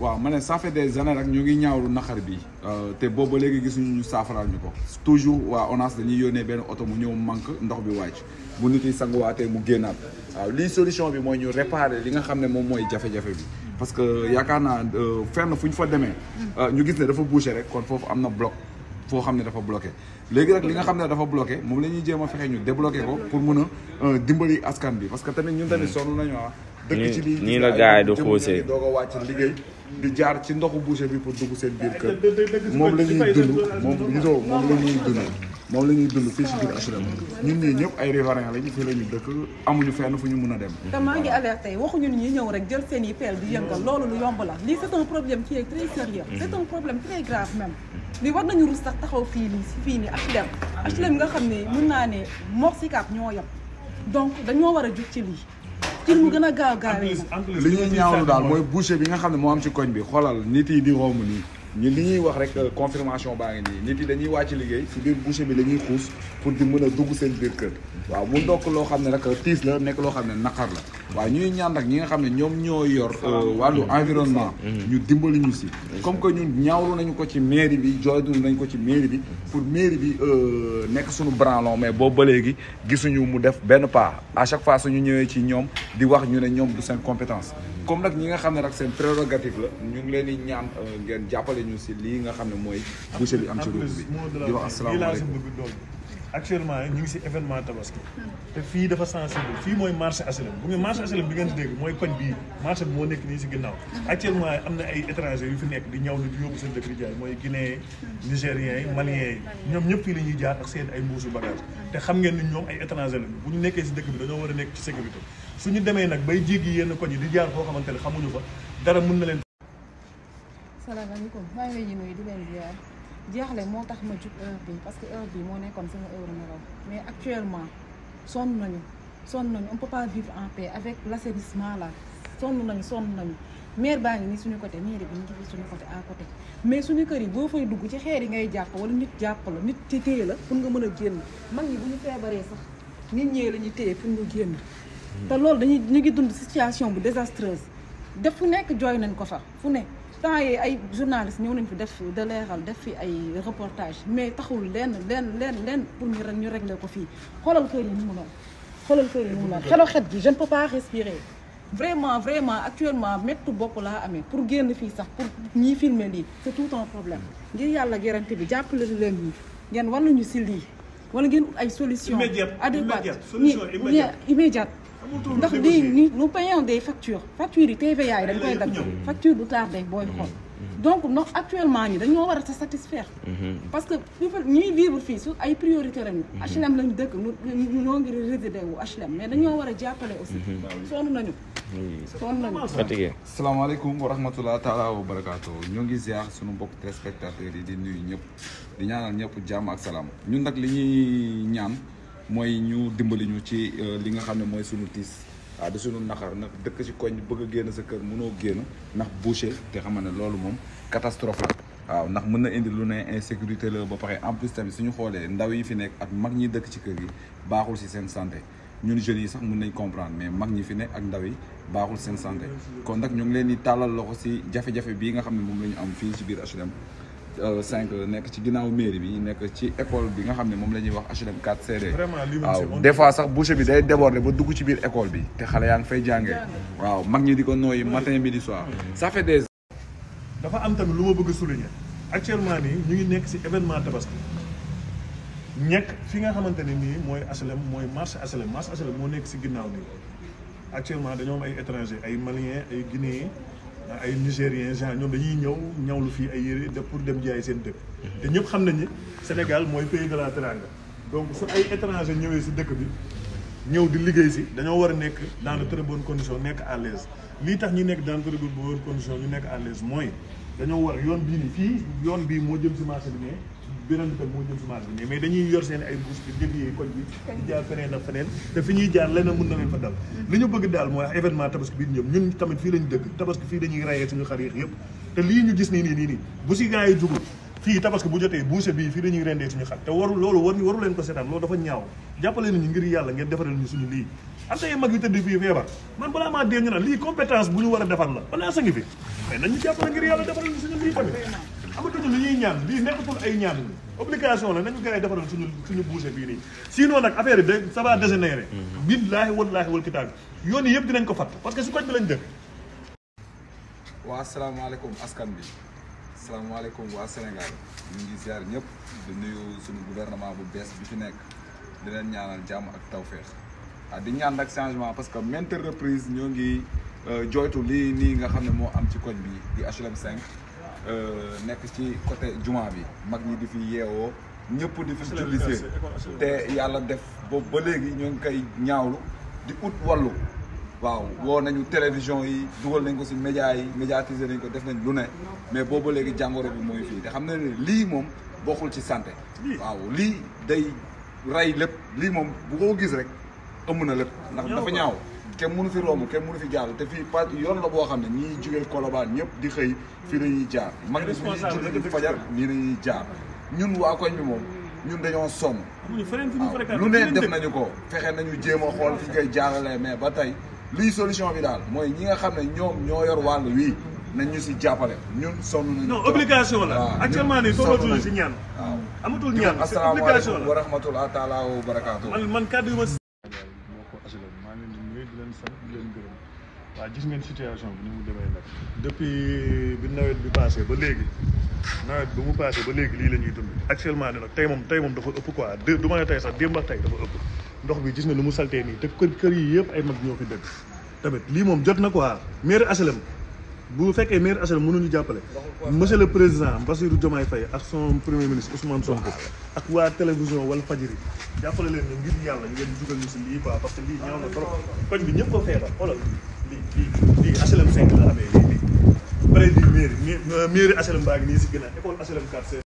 waaw ma ne ça fait des années rek ñu ngi ñaaru naqar bi euh, te booba léegi gisuñu ñu saafaraal ñu ko toujours waa ONAS dañuy yónnee benn oto mu ñëw manque ndox bi wàcc bu nit yi sanguwaatee mu génnaat waaw lii solution bi mooy ñu réparer li nga xam ne moom mooy jafe parce que yaakaar naa euh, fenn fu ñu fa demee euh, ñu gis ne dafa bouché rek kon foofu am na bloc foo xam ne dafa bloqué léegi nag li nga xam ne dafa bloqué moom la ñuy jéem fexe ñu débloqué ko pour mun a dimbali askan bi parce que tamit ñun tamit sonn nañu ah dëkk ci lii nii la gars yi di xuusee di jaar ci ndoxu boucher bi pour dugg seen biir ah, kër moom la dund moom gisoo moom la ñuy dund moom la ñuy dund fii si biir HLM ñun ñii ñëpp ay riverains lañu fii la ñu dëkk amuñu fenn fu ñu mun a dem te maa ngi alerté waxuñu ñi ñëw rek jël seen yi peel di yëngal loolu lu yomb la lii c'est un problème qui est très sérieux c'est un problème très grave même war nañu rus sax taxaw fii nii si fii nii HLM HLM nga xam ne mën naa ne Mor Sicap ñoo yem donc dañoo war a jug ci lii ci mu gën a gaaw gaaw li ñuy ñaawlu daal mooy boucher bi nga xam ne moo am ci koñ bi xoolal nit yi di romb nii ñu li ñuy wax rek euh, confirmation baa ngi nii nit yi dañuy wàcc liggéey si biir boucher bi la ñuy xuus pour di mën a dugg seen biir kër waaw mu ndokk loo xam ne rek euh, tiis la nekk loo xam ne naqar la waaw ñuy ñaan nag ñi nga xam ne ñoom ñoo yor euh, wàllu environnement mm-hmm. ñu dimbali ñu si comme que ñun ñaawlu nañu ko ci mairie bi jooytu nañ ko ci mairie bi pour mairie bi nekk suñu branlon mais boobu ba léegi gisuñu mu def benn pas à chaque fois suñu ñëwee ci ñoom di wax ñu ñoom du seen compétence comme nag ñi nga xam ne nag seen prérogative la ñu ngi leen di ñaan ngeen jàppale ñu si lii nga xam ne mooy boucher bi am ci route bi di wax asalaamaaleykum actuellement ñu ngi si événement tabaski te fii dafa sensible mooy marché HLM bu bi ngeen di dégg mooy koñ bii marché bi moo nekk nii am na ay étrangers yu fi nekk di ñaw na di yóbbu seen dëkk di jaay mooy guinéen yi nigériens yi maliens yi ñoom ñëpp fii la ñuy jaar ak seen ay mbuusu bagage te xam ngeen ni ñoom ay étrangers lañu bu ñu nekkee si dëkk bi dañoo war a nekk ci sécurité suñu demee nag bay jéggi yenn koñ yi di jaar foo xamante ne salaamaaleykum maa ngi leen di nuyu di leen ziar jeexle moo tax ma jug heure bi parce que heure bi moo nekkoon sama heure nelaw mais actuellement sonn nañu sonn nañu on peut pas vivre en paix avec l'assainissement là sonn nañu sonn nañu maire baa ngi nii suñu côté maire bi ñu ngi fi suñu côté à côté mais suñu kër yi boo fay dugg ci xeer yi ngay jàpp wala nit jàpp la nit ci téye la pour nga mën a génn mag ñi bu ñu feebaree sax nit ñee la ñuy téye pour nga génn hmm. te loolu dañuy ñu ngi dund situation bu désastreuse def fu nekk jooy nañ ko fa fu nekk temps yi ay journaliste ñëw nañ fi def fi de leeral def fi ay reportage mais taxul leen lenn leen leen pour ñu ñu régler ko fii xoolal kër yi ni mu noonu xoolal kër yi ni mu noonu xelo xet je ne peux pas respirer vraiment vraiment actuellement méttu bopp laa amee pour génn fii sax pour ñiy filmer lii c'est tout un problème ngir yàlla garanti bi le leen ñi ngeen war nañu si li wala ngeen ut ay solution adéquate immédiate ndax di ni nous payons des factures factures yi TVA yi dañ koy dagg mm-hmm. facture du tardé booy xool mm-hmm. donc ndax actuellement ñi dañoo war a satisfaire mm-hmm. parce que ñuy vivre fii su ay priorité lañu HLM H&M lañu dëkk ñu noo ngi résidé wu HLM mais dañoo war a jàppale aussi sonn nañu sonn nañu fatigué salaamaaleykum wa rahmatullah taala wa barakaatu ñoo ngi ziar suñu mbokk téléspectateurs yi di nuyu ñëpp di ñaanal ñëpp jàmm ak salaam ñun nag li ñuy ñaan mooy ñu dimbali ñu ci euh, li nga xam ne mooy suñu tiis waaw di sunu naxar nag dëkk ci koñ bëgg a génn sa kër mënoo génn ndax boucher te xam ne loolu moom catastrophe la waaw ndax mën na indi lu ne insécurité la ba pare en plus tamit suñu xoolee ndaw yi fi nekk ak mag ñi dëkk ci kër gi baaxul si seen santé ñun jeunes yi sax mun nañ comprendre mais mag ñi fi nekk ak ndaw yi baaxul seen santé kon nag ñu ngi leen di tàllal loxo si jafe-jafe bii nga xam ne moom la ñu am fii ci biir HLM Euh, cinq euh, nekk ci ginnaaw mairie bi nekk ci école bi nga xam ne moom la ñuy wax HLM 4 CD. waaw des fois sax boucher bi day déborder ba dugg ci biir école bi te xale yaa ngi fay jàngee. waaw mag ñi di ko nooyi matin midi soir. ça fait des. dafa am tamit lu ma bëgg a actuellement nii ñu ngi nekk si événement tabaski ñekk fi nga xamante ne nii mooy HLM mooy marché HLM marché HLM moo nekk si ginnaaw nii actuellement dañoom ay étrangers ay maliens ay guinéens. ay nigériens gens ñoom dañuy ñëw ñawlu fii ay yére de pour dem jaay seen dëkk. te ñëpp xam nañu ni Sénégal mooy pays de la Teranga. donc su ay étranger ñëwee si dëkk bi ñëw di liggéey si dañoo war a nekk dans de très condition nekk à l'aise lii tax ñu nekk dans de très bonnes conditions ñu nekk à l'aise mooy dañoo war yoon bii nii fii yoon bii moo jëm si marché bi ne. birante kat moo jël semence bi mais dañuy yor seen ay bouche bi dévier koñ bi di jaar feneen ak feneen te fi ñuy jaar leneen mën na leen fa dal mm-hmm. li ñu bëgg daal mooy événement tabaski bi ñoom ñun tamit fii lañu dëkk tabaski fii dañuy rayee suñu xar te lii ñu gis yi dugul te loolu war waru leen ko seetaan loolu dafa ñaaw jàppale nañu ngir yàlla ngeen defaral ñu suñu lii am tey mag yu tëdd fii feebar man balaa maa dee ñu lii compétence bu ñu war a defar la amatuñu li ñuy ñaan lii nekkatul ay ñaan obligation la nañu gars yi defaral suñu suñu boucher bii nii sinon nag affaire bi de ça va dégénérer mhm. billaahi wallaahi wal kitaab yoon yëpp dinañ ko fatt parce que si koñ bi lañ dëkk waa asalaamaaleykum askan bi asalaamaaleykum waa Sénégal ñu ngi ziar ñëpp di nuyu suñu gouvernement bu bees bi fi nekk di leen ñaanal jàmm ak tawféex ah di ñaan nag changement parce que maintes reprises ñoo ngi euh, jooytu lii nii nga xam ne moo am ci koñ bi di Euh, nekk ci côté juma bi mag ñi di fi yeewoo ñëpp di fi julli seen te yàlla def boobu ba léegi ñoo ngi koy ñaawlu di ut wàllu waaw woo nañu télévision yi dugal nañ ko si média yi médiatise nañ ko def nañ lu ne mais booba léegi jàngoro bi mooy fii te xam na ne lii moom bokkul ci sante waaw lii day rey lépp lii moom bu ko gis rek ëmm na lépp ndax dafa ñaaw kenn mënu fi romb kenn mënu fi jàll te fii pas yoon la boo xam ne ñiy jógee Colobane ñëpp di xëy fii la jaar mag ñi julli ñu fajar nii la ñuy jaar ñun waa koñ bi moom ñun dañoo sonn lu ne def nañu ko fexe nañu jéem a xool fi koy jaarale mais ba tey luy solution bi daal mooy ñi nga xam ne ñoom ñoo yor wàll wii nañ si jàppale ñun sonn nañu obligation la actuellement nii tollatuñu si ñaan waaw amatul ñaan obligation la wa rahmatullah taala wa barakaatu di leen sant di leen gërëm waaw gis ngeen situation bi ni mu demee nag depuis bi nawet bi passé ba léegi nawet bi mu passé ba léegi lii la ñuy dund actuellement ni nag tey moom tey moom dafa ëpp quoi dé du ma ne tey sax démb ak tey dafa ëpp ndox bi gis nga nu mu saltee nii te kër kër yi yëpp ay mag ñoo fi dëkk tamit lii moom jot na ko quoi mairie HLM bu fekkee maire Assane mënuñu jàppale monsieur le président Bassirou Diomaye Faye ak son premier ministre Ousmane Sonko jàppale leen ne ngir yàlla ngeen dugal ñu si lii quoi parce que lii ñaaw na trop koñ bi ñëpp ko feebar xoolal lii lii lii HLM 5 la amee lii lii. pare di mairie mairie HLM baa ngi nii si ginnaaw école HLM 4